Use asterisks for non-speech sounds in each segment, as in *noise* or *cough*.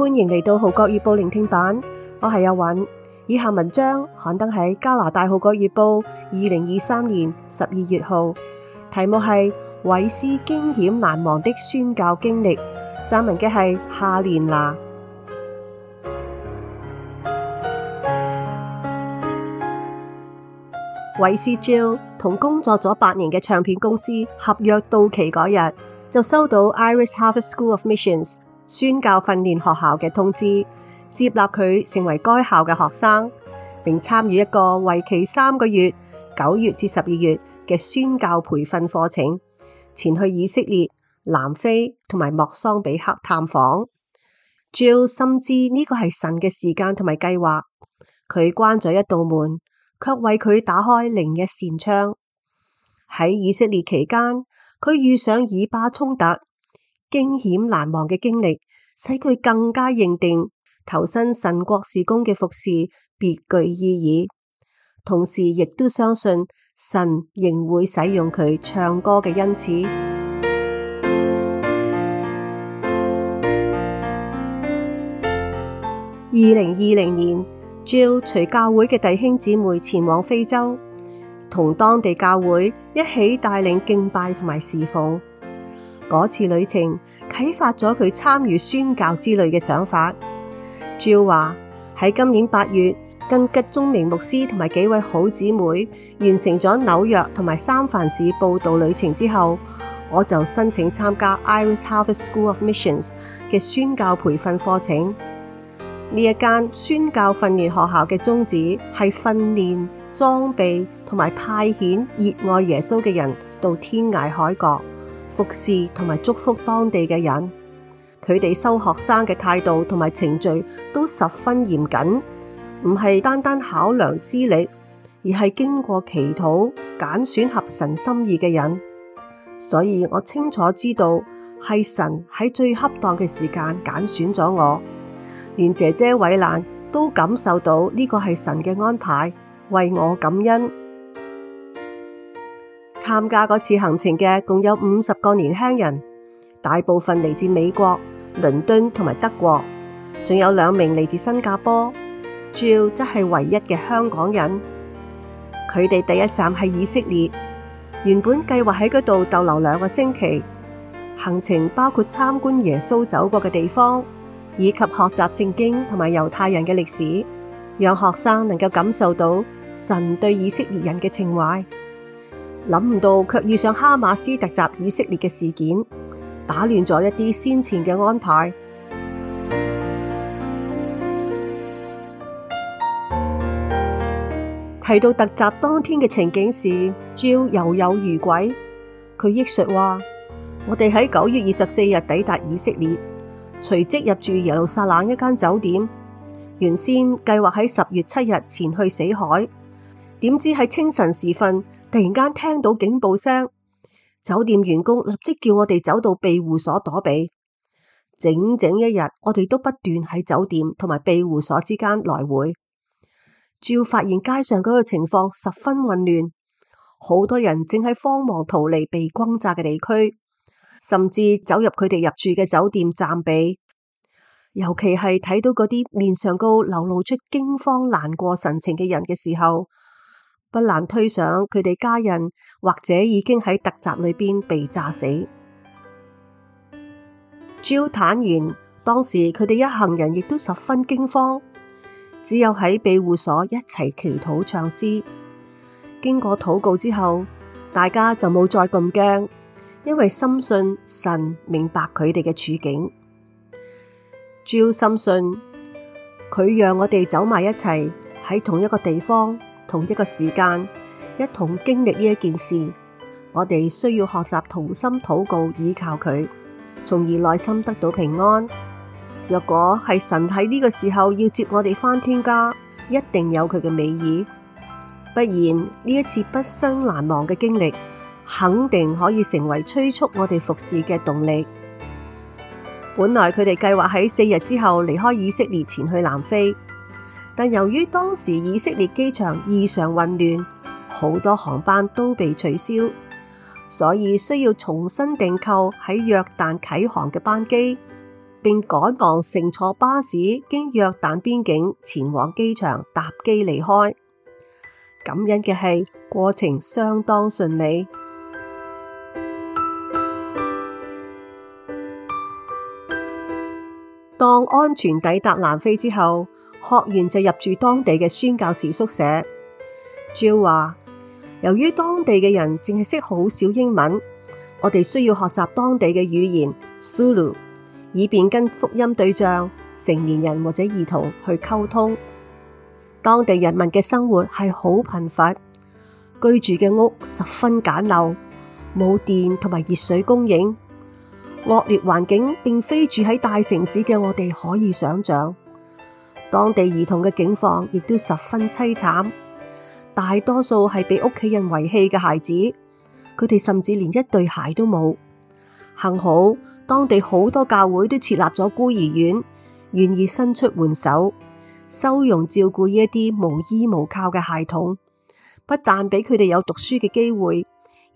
歡迎嚟到《浩國日報》聆聽版，我係阿允。以下文章刊登喺加拿大《浩國日報》二零二三年十二月號，題目係《韋斯驚險難忘的宣教經歷》，撰文嘅係夏連娜。 *music* 韋斯 Jo 同工作咗八年嘅唱片公司合約到期嗰日，就收到 Iris h a r v e s t School of Missions。宣教訓練學校嘅通知，接納佢成為該校嘅學生，並參與一個為期三個月（九月至十二月）嘅宣教培訓課程，前去以色列、南非同埋莫桑比克探訪。Jill 深知呢個係神嘅時間同埋計劃，佢關咗一道門，却為佢打開另一扇窗。喺以色列期間，佢遇上以巴衝突。驚險難忘嘅經歷，使佢更加認定投身神國事工嘅服侍別具意義，同時亦都相信神仍會使用佢唱歌嘅恩賜。二零二零年，Jill 隨教會嘅弟兄姊妹前往非洲，同當地教會一起帶領敬拜同埋侍奉。嗰次旅程啟發咗佢參與宣教之類嘅想法。Jill 話喺今年八月，跟吉中明牧師同埋幾位好姊妹完成咗紐約同埋三藩市報道旅程之後，我就申請參加 Iris Harvest School of Missions 嘅宣教培訓課程。呢一間宣教訓練學校嘅宗旨係訓練、裝備同埋派遣熱愛耶穌嘅人到天涯海角。服侍同埋祝福當地嘅人，佢哋收學生嘅態度同埋程序都十分嚴謹，唔係單單考量資歷，而係經過祈禱揀選合神心意嘅人。所以我清楚知道係神喺最恰當嘅時間揀選咗我，連姐姐偉蘭都感受到呢個係神嘅安排，為我感恩。參加嗰次行程嘅共有五十個年輕人，大部分嚟自美國、倫敦同埋德國，仲有兩名嚟自新加坡。主要則係唯一嘅香港人。佢哋第一站係以色列，原本計劃喺嗰度逗留兩個星期。行程包括參觀耶穌走過嘅地方，以及學習聖經同埋猶太人嘅歷史，讓學生能夠感受到神對以色列人嘅情懷。諗唔到，卻遇上哈馬斯突襲，以色列嘅事件，打亂咗一啲先前嘅安排。提到突襲當天嘅情景時，焦猶有餘悸。佢憶述話：我哋喺九月二十四日抵達以色列，隨即入住耶路撒冷一間酒店。原先計劃喺十月七日前去死海，點知喺清晨時分。突然間聽到警報聲，酒店員工立即叫我哋走到庇護所躲避。整整一日，我哋都不斷喺酒店同埋庇護所之間來回。仲要發現街上嗰個情況十分混亂，好多人正喺慌忙逃離被轟炸嘅地區，甚至走入佢哋入住嘅酒店暫避。尤其係睇到嗰啲面上高流露露出驚慌難過神情嘅人嘅時候。不難推想，佢哋家人或者已經喺特集裏邊被炸死。Jill 坦言，當時佢哋一行人亦都十分驚慌，只有喺庇護所一齊祈禱唱詩。經過禱告之後，大家就冇再咁驚，因為深信神明白佢哋嘅處境。Jill 深信，佢讓我哋走埋一齊喺同一個地方。同一個時間，一同經歷呢一件事，我哋需要學習同心禱告，依靠佢，從而內心得到平安。若果係神喺呢個時候要接我哋返天家，一定有佢嘅美意。不然呢一次畢生難忘嘅經歷，肯定可以成為催促我哋服侍嘅動力。本來佢哋計劃喺四日之後離開以色列，前去南非。但由於當時以色列機場異常混亂，好多航班都被取消，所以需要重新訂購喺約旦啟航嘅班機，並趕忙乘坐巴士經約旦邊境前往機場搭機離開。感恩嘅係過程相當順利。當安全抵達南非之後。學完就入住當地嘅宣教士宿舍。Jill 話，由於當地嘅人淨係識好少英文，我哋需要學習當地嘅語言 Zulu，以便跟福音對象成年人或者兒童去溝通。當地人民嘅生活係好貧乏，居住嘅屋十分簡陋，冇電同埋熱水供應，惡劣環境並非住喺大城市嘅我哋可以想象。當地兒童嘅境況亦都十分淒慘，大多數係被屋企人遺棄嘅孩子，佢哋甚至連一對鞋都冇。幸好當地好多教會都設立咗孤兒院，願意伸出援手，收容照顧呢一啲無依無靠嘅孩童，不但俾佢哋有讀書嘅機會，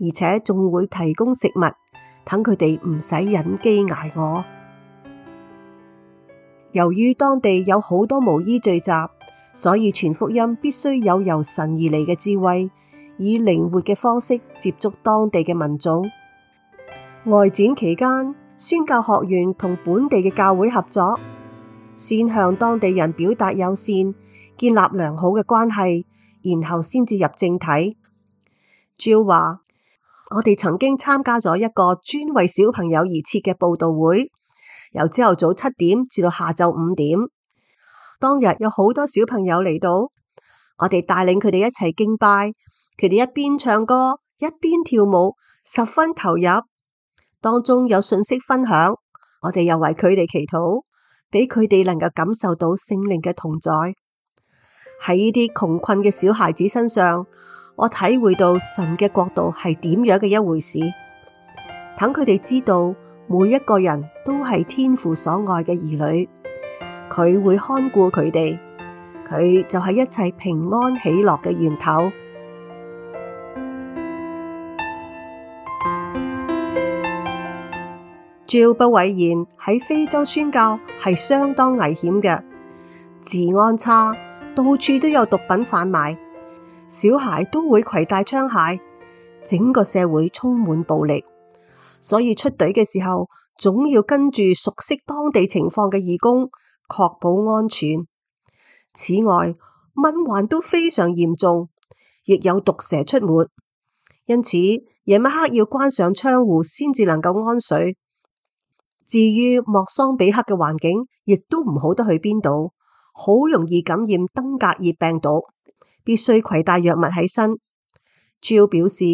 而且仲會提供食物，等佢哋唔使忍飢捱餓。由於當地有好多毛衣聚集，所以傳福音必須有由神而嚟嘅智慧，以靈活嘅方式接觸當地嘅民眾。外展期間，宣教學員同本地嘅教會合作，先向當地人表達友善，建立良好嘅關係，然後先至入正題。Jill 話，我哋曾經參加咗一個專為小朋友而設嘅報道會。由朝頭早七點至到下晝五點，當日有好多小朋友嚟到，我哋帶領佢哋一齊敬拜，佢哋一邊唱歌一邊跳舞，十分投入。當中有信息分享，我哋又為佢哋祈禱，俾佢哋能夠感受到聖靈嘅同在。喺呢啲窮困嘅小孩子身上，我體會到神嘅國度係點樣嘅一回事，等佢哋知道，每一個人都係天父所愛嘅兒女，佢會看顧佢哋，佢就係一切平安喜樂嘅源頭。 *music* Jill 不諱言喺非洲宣教係相當危險嘅，治安差，到處都有毒品販賣，小孩都會携帶槍械，整個社會充滿暴力。所以出隊嘅時候，總要跟住熟悉當地情況嘅義工，確保安全。此外，蚊患都非常嚴重，亦有毒蛇出沒，因此夜晚黑要關上窗戶，先至能夠安睡。至於莫桑比克嘅環境，亦都唔好得去邊度，好容易感染登革熱病毒，必須攜帶藥物喺身。主要表示。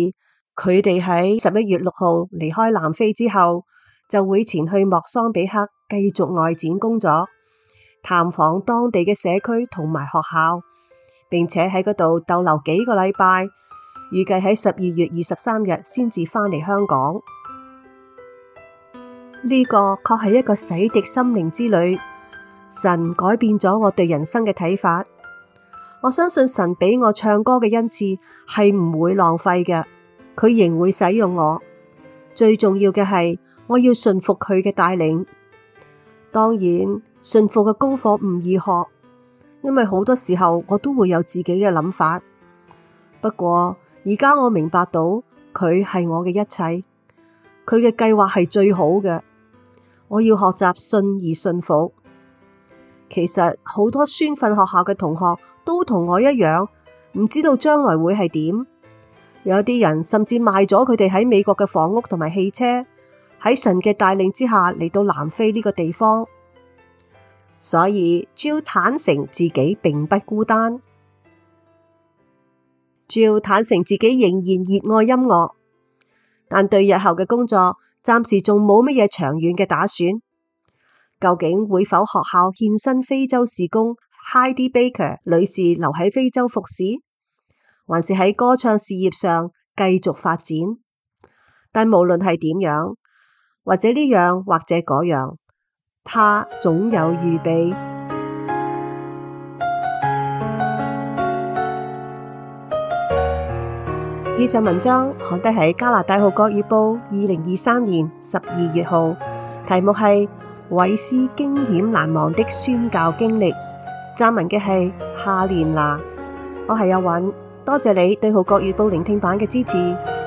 佢哋喺十一月六號離開南非之後，就會前去莫桑比克繼續外展工作，探訪當地嘅社區同埋學校，並且喺嗰度逗留幾個禮拜，預計喺十二月二十三日先至返嚟香港。呢個確係一個洗滌心靈之旅，神改變咗我對人生嘅睇法。我相信神俾我唱歌嘅恩賜係唔會浪費嘅。佢仍會使用我，最重要嘅係我要順服佢嘅帶領。當然，順服嘅功課唔易學，因為好多時候我都會有自己嘅諗法。不過而家我明白到佢係我嘅一切，佢嘅計劃係最好嘅。我要學習信而順服。其實好多宣訓學校嘅同學都同我一樣，唔知道將來會係點。有啲人甚至賣咗佢哋喺美國嘅房屋同埋汽車，喺神嘅帶領之下嚟到南非呢個地方。所以，Jill 坦承自己並不孤單。Jill 坦承自己仍然熱愛音樂，但對日後嘅工作，暫時仲冇乜嘢長遠嘅打算。究竟會否學校獻身非洲事工？Heidi Baker 女士留喺非洲服侍？還是喺歌唱事業上繼續發展，但無論係點樣，或者呢樣或者嗰樣，他總有預備。以上文章刊登喺加拿大《號角月報》二零二三年十二月號，題目係衛詩驚險難忘的宣教經歷，撰文嘅係夏蓮娜，我係有韻。多謝你對《號角月報》聆聽版嘅支持。